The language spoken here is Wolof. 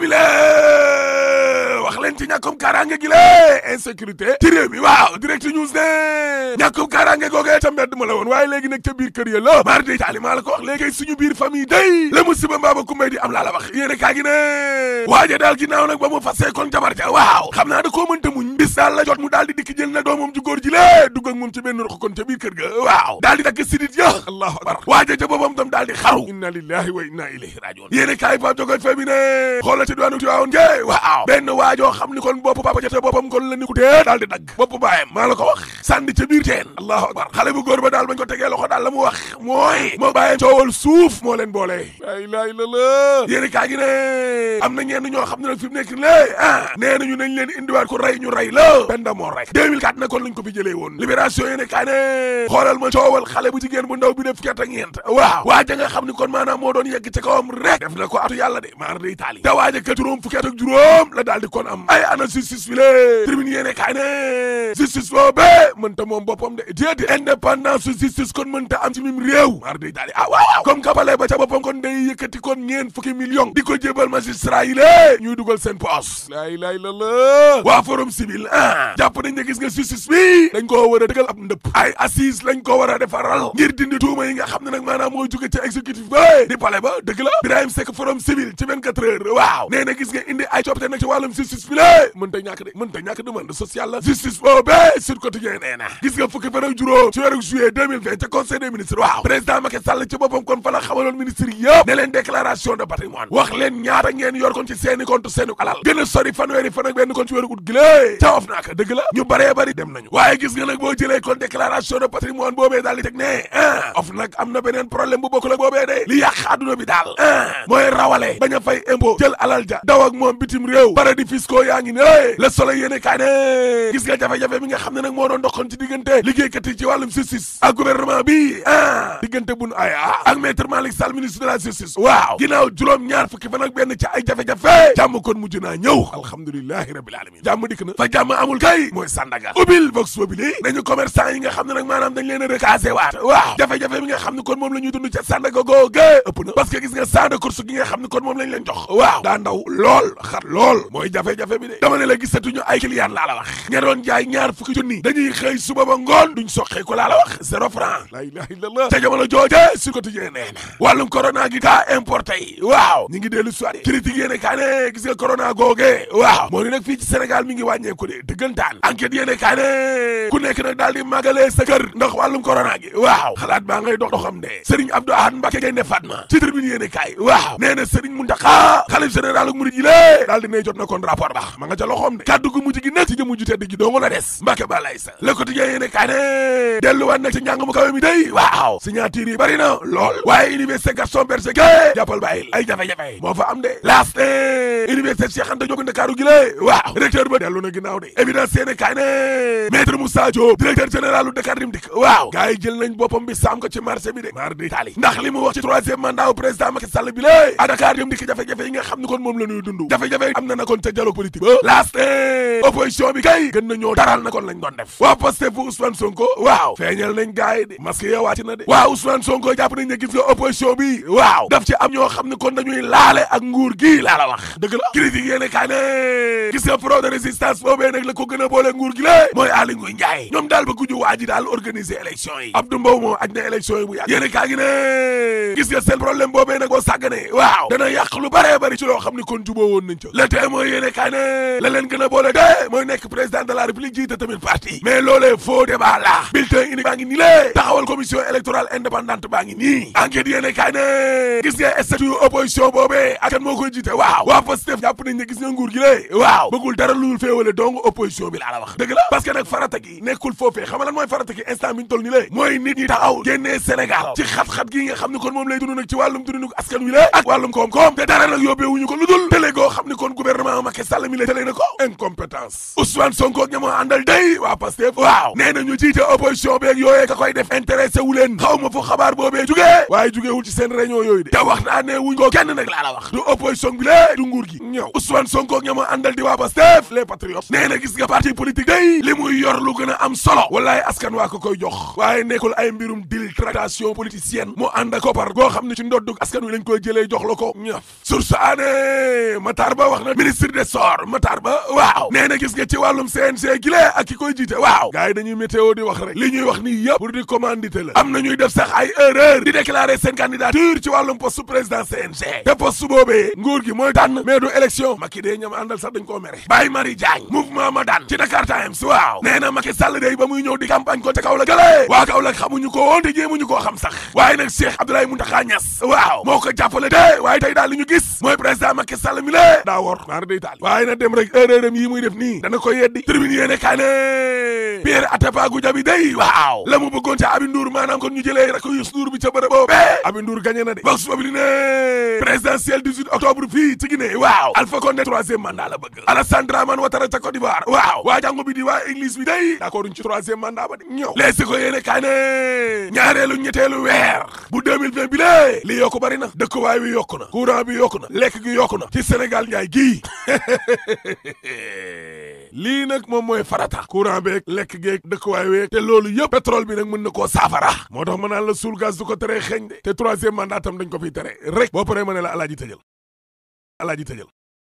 bi la wax leen ci ñàkkum kaaraange gi la insécurité ci réew mi waaw direct news ne ñàkkum kaaraange googee ca mbedd ma woon waaye léegi nag ca biir kër ya la maar day taali maa la ko wax léegi suñu biir famille day la musiba mbaaba kumbay di am laa la wax yéen a kaa gi ne waaja ba mu fasee kon jabar ja waaw xam naa da koo mënta bis daal la jot mu daal di dikk jël na doomam ju góor ji lée dugg ak moom ci benn ruq kon ca biir kër ga waaw daal di takk sidit ya allahu akbar waaja ca boppam tam daal di xaru inna lillahi wa inna ilayhi rajiun yéene kaay pap jogoy fe bi ne xoola ci diwaanu Tiwaawoon waaw benn waajoo xam ni kon bopp papa ja ca boppam kon la ni ku tee daal di dagg bopp baayam maa la ko wax sànni ca biir teen allahu akbar xale bu góor ba daal bañ ko tegee loxo daal la mu wax mooy moo bàyyi coowal suuf moo leen boole la ilaha illallah am na ñenn ñoo xam ne nag fi mu nekk lé ah nee nañu nañ leen indiwaat ko rey ñu rey la benn moo rek 2004 na kon lañ ko fi jëlee woon libération yéene kaa ne xoolal ma coowal xale bu jigéen bu ndaw bi def a ñeent waaw waa ja nga xam ni kon maanaam moo doon yegg ca kawam rek def na ko atu yàlla la daal di kon am ay mënta moom boppam de déet indépendance su justice kon mënta am ci mim mar day daal ah waaw comme kapale ba ca boppam kon day yëkkati kon ñeen fukki million di ko jébal magistrat yi lée ñuy dugal seen poos laa ilaaha illallaah waa forum civil ah jàpp nañ ne gis bi dañ a ko war a defaral ngir dindi tuuma yi nga xam ne nag maanaam mooy jóge ca exécutif ba di palais ba dëgg la Birahim Seck forum civil ci 24 heures waaw nee gis nga indi ay coppite nag ci nee gis nga fukki fan ak juróom ci weeru juillet 2020 ca conseil des ministres waaw président Macky Sall ci boppam kon fa la ministre yëpp ne leen déclaration patrimoine wax leen ñaata ngeen yor ci seeni compte seeni alal gën a sori fanweeri fan ak benn kon ci weeru ut gilee ca of naaka ah, beneen problème bu bokk boobee de li yàq adduna bi daal ah, mooy rawale bañ a fay impôt jël alal ja daw ak moom bitim réew paradis fiscaux yaa kon ci diggante liggéeykat yi ci wàllum justice ak gouvernement bi ah diggante bun aya ak maître Malick Sall ministre de la justice waaw ginnaaw ñaar fukki fan ak benn ci ay jafe-jafe jàmm kon mujj naa ñëw alhamdulilahi rabbil alamin jàmm dikk na fa jàmm amul kay mooy Sandaga ubbil vox populi nañu commerçant yi nga xam ne nag maanaam dañ leen a recasé waat waaw jafe-jafe bi nga xam ne kon moom la ñuy dund ca Sandaga googe ëpp na parce gis nga champ de course nga xam ne kon moom lañ leen jox waaw daa ndaw lool xat lool mooy jafe-jafe bi de dama la gisatuñu ay client laa la wax ña doon jaay ñaar fukki junni dañuy xëy suba ba ngoon duñ soqee ko laa la wax zéro franc la ilaha illallah te jamono jooje su ko tijjee nee na wàllum corona gi kaa importé yi waaw ñu ngi dellu soir yi critique yéene kaa ne gis nga corona googee waaw moo ni nag fii ci Sénégal mi ngi wàññeeku de dëggantaan enquête yéene kaa ne ku nekk nag daal di màggalee sa ndax wàllum corona gi waaw xalaat baa ngay dox doxam de Serigne Abdou Ahad Mbacké Gaïndé Fatma ci na Serigne Mountakha xalif général ak murid yi ne jot ma nga ca loxoom de kàddu gu mujj gi nag le quotidien yéene kaay ne delluwaat nag ci njàng mu kawe mi day waaw signature yi bari na lool waaye université Gaston Berger ke jàppal bàyyil ay jafe-jafe moo fa am de laas université Cheikh Anta Diop Ndakaaru gi lée waaw directeur ba dellu na ginnaaw de évidence yéene kaay ne maître Moussa Diop directeur général u Dakar Dikk waaw gars yi nañ boppam bi saam ko ci marché bi de mar di taali ndax li mu wax ci troisième mandat wu président Macky Sall bi lée à Dakar moom la ñuy dund jafe-jafe am na na opposition bi kay gën nañoo daral na kon lañ doon def waa Pastef bu Ousmane Sonko waaw feeñal nañ gars yi de masque ya wàcc na de waa Ousmane Sonko jàpp nañ ne gis nga opposition bi waaw daf ci am ñoo xam ne kon dañuy laale ak nguur gi laa la wax dëgg la critique yéene gis nga pro de résistance boobee nag la ko gën a boole nguur gi lée mooy Aly Ngouille ñoom daal bëgguñu waa ji daal organiser élection yi Abdou Mbow moo aj na élection yi bu yàgg yéene kaa gi ne gis nga seen a loolee eh, mooy nekk président de la république jiite tamit parti mais loolee faux débat la bulletin unique baa ngi nii lee taxawal commission électorale indépendante baa ngi nii enquête yéene kaay ne gis nga statut opposition boobee ak moo koy jiite waaw waa Pastef jàpp ne gis nguur gi lee waaw bëggul dara lu dul féewale donc opposition bi laa la wax dëgg la parce que nag farata gi nekkul foofee xam nga lan mooy farata instant bi ñu ni lee mooy nit ñi taxaw génnee ne kon ci wàllum yoo xam ni kon gouvernement Macky Sall mi la tëlee ko incompétence Ousmane Sonko ak ña moo day waa Pastef waaw nee na opposition beeg yooyee ka koy def intéressé wu leen xaw ma fu xabaar boobee jugee waaye jugeewul ci seen réunion yooyu de te wax naa ne wuñ ko kenn nag laa la wax du opposition bi la du gi ñëw Ousmane Sonko ak ña moo di waa Pastef les patriotes nee na gis nga parti politique day li muy yor lu gën a am solo wallaay askan waa ko koy jox tractation politicienne moo ànd ak koppar goo xam ne ci ndoddug askan wi lañ koy jëlee jox la ko ñaf source Matar Ba wax na ministre des sports Matar Ba waaw nee na gis nga ci wàllum CNG gi ak ki koy jiite waaw gars dañuy météo di wax rek li ñuy wax nii yëpp pour di commandité la am na ñuy def sax ay erreur di déclarer seen candidature ci wàllum poste président CNG te poste boobee nguur gi mooy tànn mais du élection Macky dee ñam àndal sax dañ koo mere Baye ma jéemuñu koo xam sax waaye nag Cheikh Abdoulaye Mountakha Niass waaw moo ko jàppale de waaye tey daal li ñu gis mooy président Macky Sall mi la daa wor maar day taal waaye na dem rek erreur am yi muy def nii dana ko yeddi tribune yéene kaane Pierre Atepa Goudiaby day waaw la mu bëggoon ca Abi Ndour maanaam kon ñu jëlee rek Youssou Ndour bi ca bërëb boobu eh. Abi Ndour de Vox Populi ne présidentielle 18 octobre fii ci Guinée waaw Alpha Condé troisième mandat la bëgg Alassane Dramane Ouattara ñaareelu ñetteelu weer bu 2020 bi lée li yokku bari na dëkkuwaay bi yokku na courant bi yokku na lekk gi yokku na ci senegal njaay gi lii nag moom mooy farata courant bee lekk geeg dëkkuwaay weeg te loolu yëpp pétrole bi nag mën na koo saafara moo tax ma naan la suul gaz du ko tere xeeñ de te mandat tam dañ ko fiy tere rek boo paree ma ne la alaaji tëjal alaaji tëjal